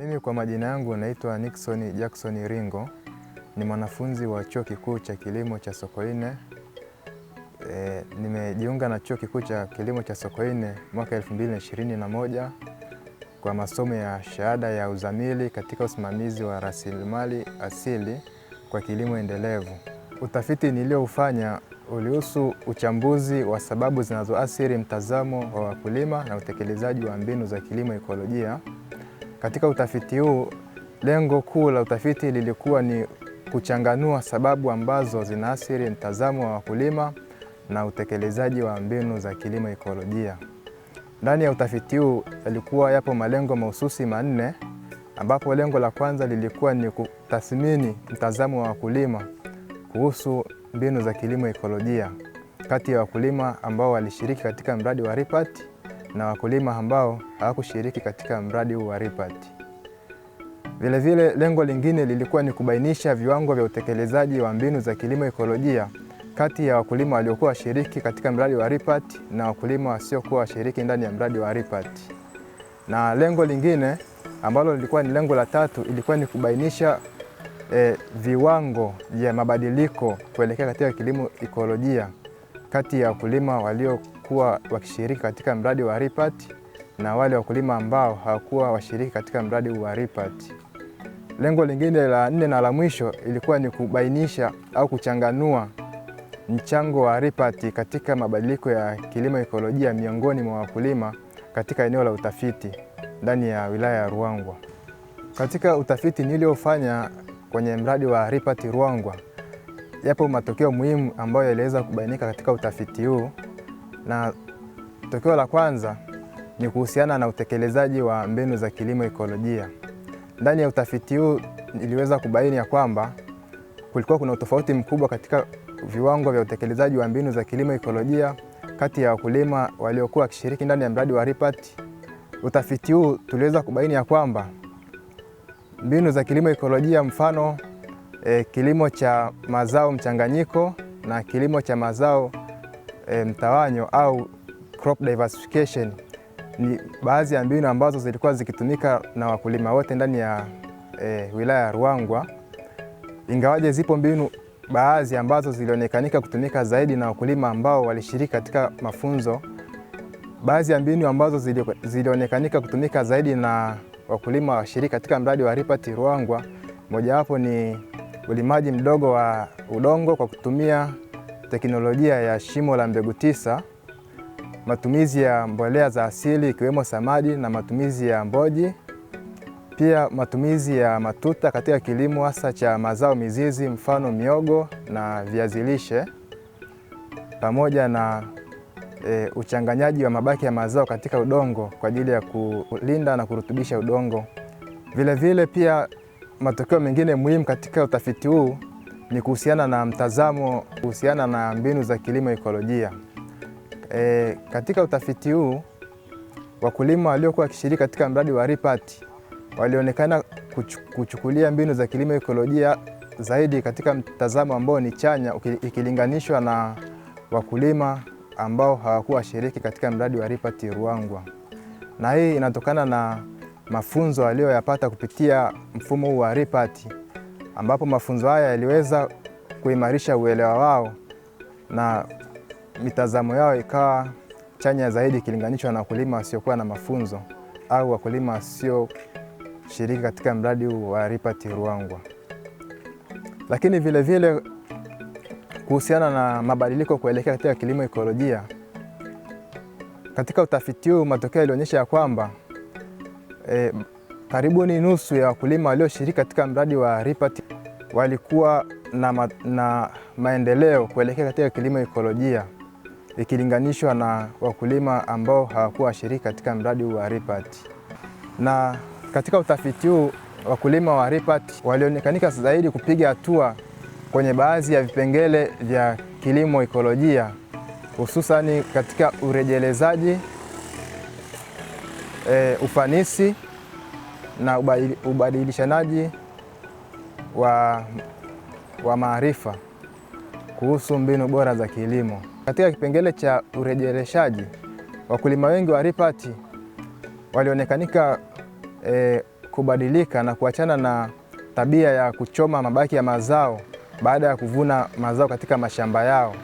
Mimi kwa majina yangu naitwa Nixon Jackson Ringo, ni mwanafunzi wa Chuo Kikuu cha Kilimo cha Sokoine. E, nimejiunga na Chuo Kikuu cha Kilimo cha Sokoine mwaka 2021 kwa masomo ya shahada ya uzamili katika usimamizi wa rasilimali asili kwa kilimo endelevu. Utafiti nilioufanya ulihusu uchambuzi wa sababu zinazoathiri mtazamo wa wakulima na utekelezaji wa mbinu za kilimo ekolojia. Katika utafiti huu, lengo kuu la utafiti lilikuwa ni kuchanganua sababu ambazo zinaathiri mtazamo wa wakulima na utekelezaji wa mbinu za kilimo ekolojia. Ndani ya utafiti huu yalikuwa yapo malengo mahususi manne, ambapo lengo la kwanza lilikuwa ni kutathmini mtazamo wa wakulima kuhusu mbinu za kilimo ekolojia kati ya wakulima ambao walishiriki katika mradi wa RIPAT na wakulima ambao hawakushiriki katika mradi huu wa Vile Vilevile, lengo lingine lilikuwa ni kubainisha viwango vya utekelezaji wa mbinu za kilimo ekolojia kati ya wakulima waliokuwa washiriki katika mradi wa RIPAT na wakulima wasiokuwa washiriki ndani ya mradi wa RIPAT. Na lengo lingine ambalo lilikuwa ni lengo la tatu, ilikuwa ni kubainisha eh, viwango vya mabadiliko kuelekea katika kilimo ekolojia kati ya wakulima walio waliokuwa wakishiriki katika mradi wa RIPAT na wale wakulima ambao hawakuwa washiriki katika mradi wa RIPAT. Lengo lingine la nne na la mwisho ilikuwa ni kubainisha au kuchanganua mchango wa RIPAT katika mabadiliko ya kilimo ekolojia miongoni mwa wakulima katika eneo la utafiti ndani ya wilaya ya Ruangwa. Katika utafiti niliofanya kwenye mradi wa RIPAT Ruangwa, yapo matokeo muhimu ambayo yaliweza kubainika katika utafiti huu na tokeo la kwanza ni kuhusiana na utekelezaji wa mbinu za kilimo ekolojia. Ndani ya utafiti huu niliweza kubaini ya kwamba kulikuwa kuna utofauti mkubwa katika viwango vya utekelezaji wa mbinu za kilimo ekolojia kati ya wakulima waliokuwa wakishiriki ndani ya mradi wa RIPAT. Utafiti huu tuliweza kubaini ya kwamba mbinu za kilimo ekolojia, mfano e, kilimo cha mazao mchanganyiko na kilimo cha mazao e, mtawanyo au crop diversification ni baadhi ya mbinu ambazo zilikuwa zikitumika na wakulima wote ndani ya e, wilaya ya Ruangwa, ingawaje zipo mbinu baadhi ambazo zilionekanika kutumika zaidi na wakulima ambao walishiriki katika mafunzo. Baadhi ya mbinu ambazo zilionekanika kutumika zaidi na wakulima washiriki katika mradi wa ripati Ruangwa, mojawapo ni ulimaji mdogo wa udongo kwa kutumia teknolojia ya shimo la mbegu tisa, matumizi ya mbolea za asili ikiwemo samadi na matumizi ya mboji, pia matumizi ya matuta katika kilimo hasa cha mazao mizizi, mfano miogo na viazi lishe, pamoja na e, uchanganyaji wa mabaki ya mazao katika udongo kwa ajili ya kulinda na kurutubisha udongo. Vilevile vile pia matokeo mengine muhimu katika utafiti huu ni kuhusiana na mtazamo kuhusiana na mbinu za kilimo ekolojia. E, katika utafiti huu wakulima waliokuwa wakishiriki katika mradi wa REPAT walionekana kuchukulia mbinu za kilimo ekolojia zaidi katika mtazamo ambao ni chanya ikilinganishwa na wakulima ambao hawakuwa washiriki katika mradi wa REPAT Ruangwa, na hii inatokana na mafunzo aliyoyapata kupitia mfumo huu wa REPAT ambapo mafunzo haya yaliweza kuimarisha uelewa wao na mitazamo yao ikawa chanya zaidi ikilinganishwa na wakulima wasiokuwa na mafunzo au wakulima wasioshiriki katika mradi huu wa Ripati Ruangwa. Lakini vilevile kuhusiana na mabadiliko kuelekea katika kilimo ekolojia, katika utafiti huu matokeo yalionyesha ya kwamba e, Karibuni nusu ya wakulima walioshiriki katika mradi wa RIPAT walikuwa na, ma, na maendeleo kuelekea katika kilimo ekolojia ikilinganishwa na wakulima ambao hawakuwa washiriki katika mradi wa RIPAT. Na katika utafiti huu wakulima wa RIPAT walionekanika zaidi kupiga hatua kwenye baadhi ya vipengele vya kilimo ekolojia hususani katika urejelezaji e, ufanisi na ubadilishanaji wa, wa maarifa kuhusu mbinu bora za kilimo. Katika kipengele cha urejeleshaji, wakulima wengi wa ripati walionekanika e, kubadilika na kuachana na tabia ya kuchoma mabaki ya mazao baada ya kuvuna mazao katika mashamba yao,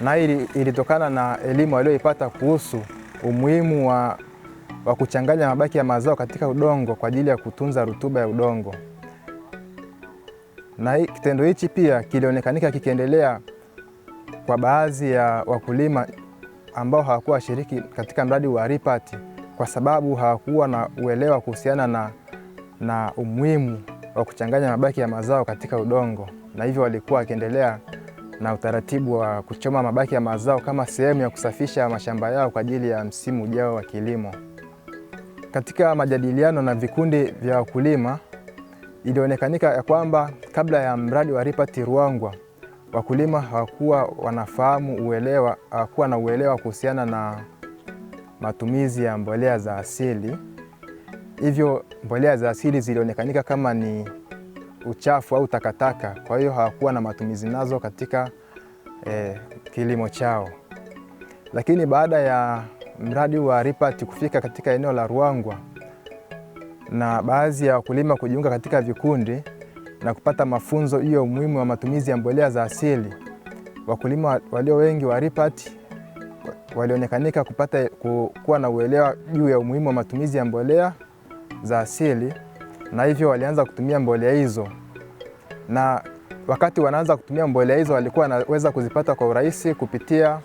na hili ilitokana na elimu walioipata kuhusu umuhimu wa wa kuchanganya mabaki ya mazao katika udongo kwa ajili ya kutunza rutuba ya udongo. Na kitendo hichi pia kilionekanika kikiendelea kwa baadhi ya wakulima ambao hawakuwa washiriki katika mradi wa REPAT kwa sababu hawakuwa na uelewa kuhusiana na, na umuhimu wa kuchanganya mabaki ya mazao katika udongo, na hivyo walikuwa wakiendelea na utaratibu wa kuchoma mabaki ya mazao kama sehemu ya kusafisha mashamba yao kwa ajili ya msimu ujao wa kilimo. Katika majadiliano na vikundi vya wakulima ilionekanika ya kwamba kabla ya mradi wa ripati Ruangwa wakulima hawakuwa wanafahamu uelewa, hawakuwa na uelewa kuhusiana na matumizi ya mbolea za asili. Hivyo mbolea za asili zilionekanika kama ni uchafu au takataka, kwa hiyo hawakuwa na matumizi nazo katika eh, kilimo chao. Lakini baada ya mradi wa ripat kufika katika eneo la Ruangwa na baadhi ya wakulima kujiunga katika vikundi na kupata mafunzo hiyo umuhimu wa matumizi ya mbolea za asili. Wakulima walio wengi wa ripati walionekanika kupata kuwa na uelewa juu ya umuhimu wa matumizi ya mbolea za asili, na hivyo walianza kutumia mbolea hizo, na wakati wanaanza kutumia mbolea hizo walikuwa wanaweza kuzipata kwa urahisi kupitia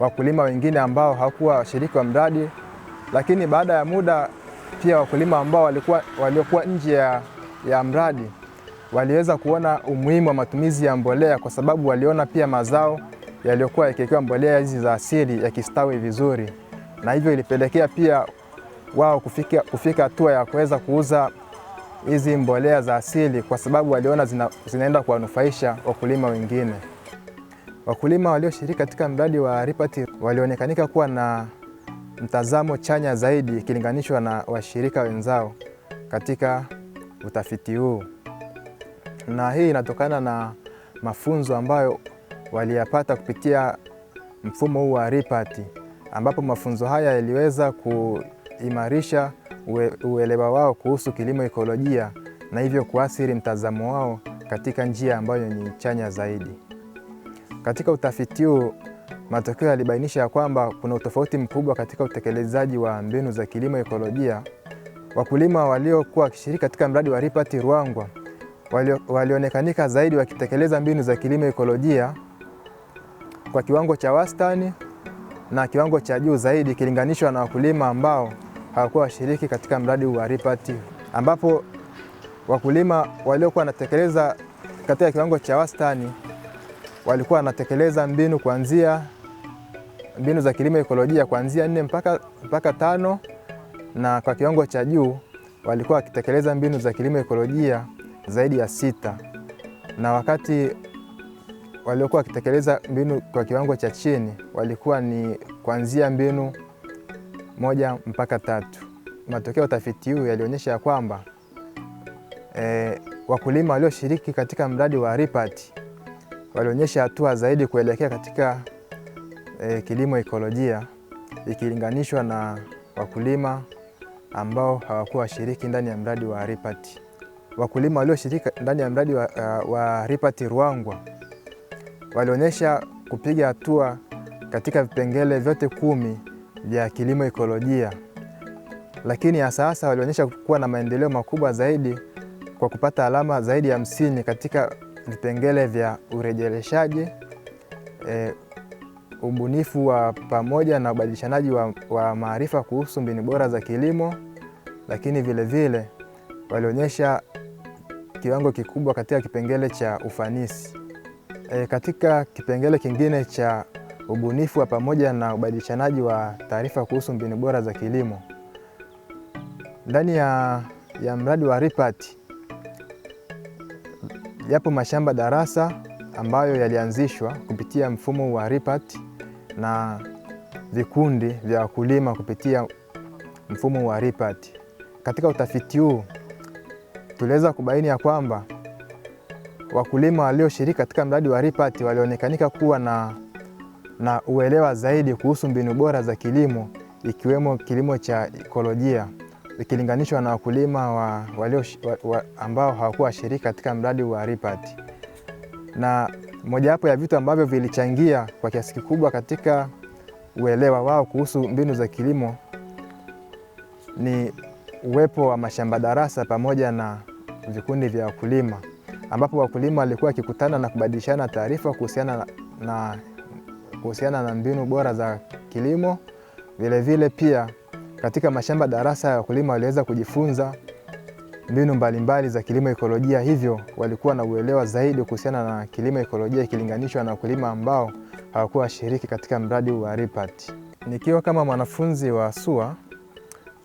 wakulima wengine ambao hawakuwa washiriki wa mradi, lakini baada ya muda pia wakulima ambao walikuwa waliokuwa nje ya, ya mradi waliweza kuona umuhimu wa matumizi ya mbolea kwa sababu waliona pia mazao yaliyokuwa yakiwekewa mbolea hizi za asili yakistawi vizuri, na hivyo ilipelekea pia wao kufika kufika hatua ya kuweza kuuza hizi mbolea za asili kwa sababu waliona zina, zinaenda kuwanufaisha wakulima wengine. Wakulima walioshiriki katika mradi wa ripati walionekanika kuwa na mtazamo chanya zaidi ikilinganishwa na washirika wenzao katika utafiti huu, na hii inatokana na mafunzo ambayo waliyapata kupitia mfumo huu wa ripati ambapo mafunzo haya yaliweza kuimarisha uelewa wao kuhusu kilimo ekolojia na hivyo kuathiri mtazamo wao katika njia ambayo ni chanya zaidi. Katika utafiti huu, matokeo yalibainisha ya kwamba kuna utofauti mkubwa katika utekelezaji wa mbinu za kilimo ekolojia. Wakulima waliokuwa wakishiriki katika mradi wa ripati Ruangwa walionekanika walio zaidi wakitekeleza mbinu za kilimo ekolojia kwa kiwango cha wastani na kiwango cha juu zaidi ikilinganishwa na wakulima ambao hawakuwa washiriki katika mradi wa ripati ambapo wakulima waliokuwa wanatekeleza katika kiwango cha wastani walikuwa wanatekeleza mbinu kuanzia mbinu za kilimo ekolojia kuanzia nne mpaka, mpaka tano na kwa kiwango cha juu walikuwa wakitekeleza mbinu za kilimo ekolojia zaidi ya sita, na wakati waliokuwa wakitekeleza mbinu kwa kiwango cha chini walikuwa ni kuanzia mbinu moja mpaka tatu. Matokeo ya utafiti huu yalionyesha ya kwamba e, wakulima walioshiriki katika mradi wa RIPAT walionyesha hatua zaidi kuelekea katika e, kilimo ekolojia ikilinganishwa na wakulima ambao hawakuwa washiriki ndani ya mradi wa RIPAT. Wakulima walioshiriki ndani ya mradi wa, uh, wa RIPAT Ruangwa walionyesha kupiga hatua katika vipengele vyote kumi vya kilimo ekolojia, lakini hasa hasa walionyesha kuwa na maendeleo makubwa zaidi kwa kupata alama zaidi ya hamsini katika vipengele vya urejeleshaji e, ubunifu wa pamoja na ubadilishanaji wa, wa maarifa kuhusu mbinu bora za kilimo, lakini vilevile walionyesha kiwango kikubwa katika kipengele cha ufanisi. E, katika kipengele kingine cha ubunifu wa pamoja na ubadilishanaji wa taarifa kuhusu mbinu bora za kilimo ndani ya, ya mradi wa RIPAT Yapo mashamba darasa ambayo yalianzishwa kupitia mfumo wa RIPAT na vikundi vya wakulima kupitia mfumo wa RIPAT. Katika utafiti huu tuliweza kubaini ya kwamba wakulima walioshiriki katika mradi wa RIPAT walionekanika kuwa na, na uelewa zaidi kuhusu mbinu bora za kilimo ikiwemo kilimo cha ekolojia ikilinganishwa na wakulima wa, walio, wa, wa, ambao hawakuwa washiriki katika mradi wa ripat Na mojawapo ya vitu ambavyo vilichangia kwa kiasi kikubwa katika uelewa wao kuhusu mbinu za kilimo ni uwepo wa mashamba darasa pamoja na vikundi vya wakulima, ambapo wakulima walikuwa wakikutana na kubadilishana taarifa kuhusiana na, kuhusiana na mbinu bora za kilimo vilevile vile pia katika mashamba darasa ya wakulima waliweza kujifunza mbinu mbalimbali za kilimo ekolojia, hivyo walikuwa na uelewa zaidi kuhusiana na kilimo ekolojia ikilinganishwa na wakulima ambao hawakuwa washiriki katika mradi wa RIPAT. Nikiwa kama mwanafunzi wa SUA,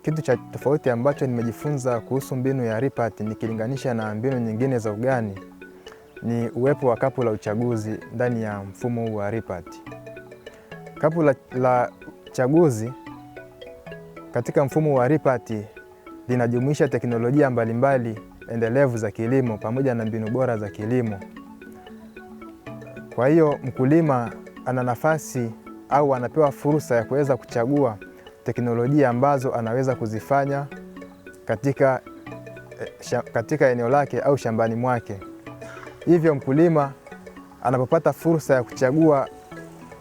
kitu cha tofauti ambacho nimejifunza kuhusu mbinu ya RIPAT nikilinganisha na mbinu nyingine za ugani ni uwepo wa kapu la uchaguzi ndani ya mfumo huu wa RIPAT. Kapu la, la chaguzi katika mfumo wa ripati linajumuisha teknolojia mbalimbali endelevu za kilimo pamoja na mbinu bora za kilimo. Kwa hiyo mkulima ana nafasi au anapewa fursa ya kuweza kuchagua teknolojia ambazo anaweza kuzifanya katika, eh, katika eneo lake au shambani mwake. Hivyo mkulima anapopata fursa ya kuchagua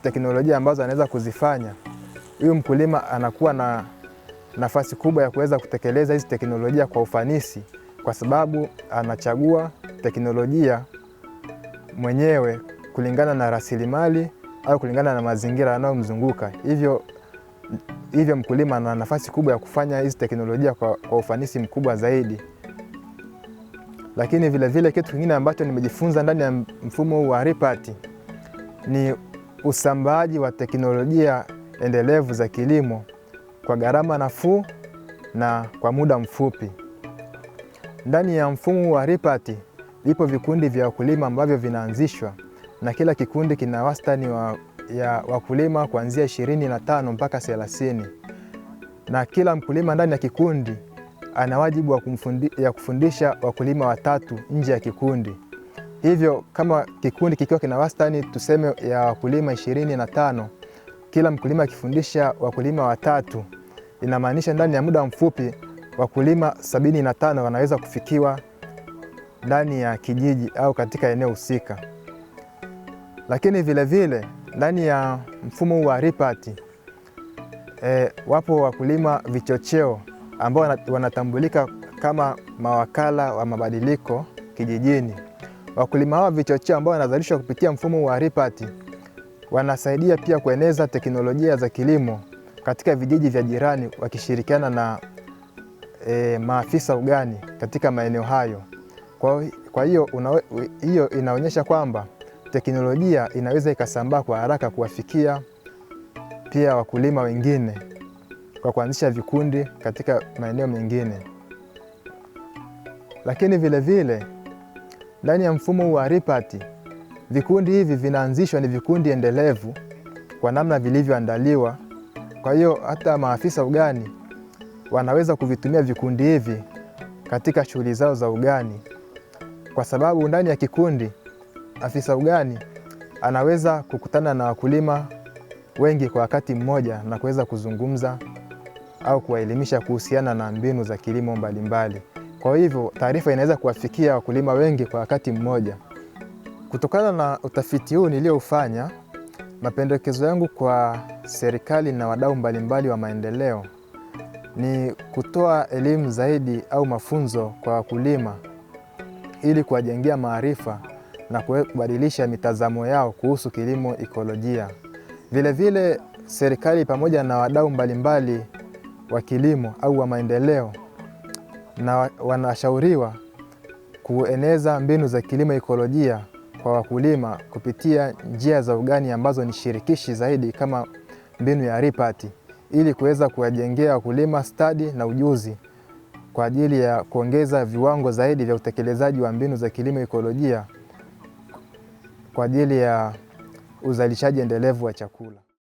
teknolojia ambazo anaweza kuzifanya, huyu mkulima anakuwa na nafasi kubwa ya kuweza kutekeleza hizi teknolojia kwa ufanisi, kwa sababu anachagua teknolojia mwenyewe kulingana na rasilimali au kulingana na mazingira yanayomzunguka. Hivyo, hivyo mkulima ana nafasi kubwa ya kufanya hizi teknolojia kwa, kwa ufanisi mkubwa zaidi. Lakini vile vile kitu kingine ambacho nimejifunza ndani ya mfumo huu wa RIPAT ni usambaaji wa teknolojia endelevu za kilimo kwa gharama nafuu na kwa muda mfupi. Ndani ya mfumo wa ripati vipo vikundi vya wakulima ambavyo vinaanzishwa na kila kikundi kina wastani wa, ya wakulima kuanzia ishirini na tano mpaka 30 na kila mkulima ndani ya kikundi ana wajibu wa kumfundi, ya kufundisha wakulima watatu nje ya kikundi. Hivyo kama kikundi kikiwa kina wastani tuseme ya wakulima ishirini na tano kila mkulima akifundisha wakulima watatu, inamaanisha ndani ya muda mfupi wakulima sabini na tano wanaweza kufikiwa ndani ya kijiji au katika eneo husika. Lakini vilevile ndani ya mfumo huu wa ripati e, wapo wakulima vichocheo ambao wanatambulika kama mawakala wa mabadiliko kijijini. Wakulima hawa vichocheo ambao wanazalishwa kupitia mfumo wa ripati Wanasaidia pia kueneza teknolojia za kilimo katika vijiji vya jirani wakishirikiana na e, maafisa ugani katika maeneo hayo. Kwa, kwa hiyo hiyo inaonyesha kwamba teknolojia inaweza ikasambaa kwa haraka kuwafikia pia wakulima wengine kwa kuanzisha vikundi katika maeneo mengine. Lakini vilevile ndani ya mfumo wa ripati Vikundi hivi vinaanzishwa, ni vikundi endelevu kwa namna vilivyoandaliwa. Kwa hiyo hata maafisa ugani wanaweza kuvitumia vikundi hivi katika shughuli zao za ugani, kwa sababu ndani ya kikundi afisa ugani anaweza kukutana na wakulima wengi kwa wakati mmoja na kuweza kuzungumza au kuwaelimisha kuhusiana na mbinu za kilimo mbalimbali. Kwa hivyo taarifa inaweza kuwafikia wakulima wengi kwa wakati mmoja. Kutokana na utafiti huu niliyoufanya mapendekezo yangu kwa serikali na wadau mbalimbali wa maendeleo ni kutoa elimu zaidi au mafunzo kwa wakulima ili kuwajengea maarifa na kubadilisha mitazamo yao kuhusu kilimo ikolojia. Vilevile, serikali pamoja na wadau mbalimbali wa kilimo au wa maendeleo na wanashauriwa kueneza mbinu za kilimo ikolojia kwa wakulima kupitia njia za ugani ambazo ni shirikishi zaidi kama mbinu ya ripati ili kuweza kuwajengea wakulima stadi na ujuzi kwa ajili ya kuongeza viwango zaidi vya utekelezaji wa mbinu za kilimo ekolojia kwa ajili ya uzalishaji endelevu wa chakula.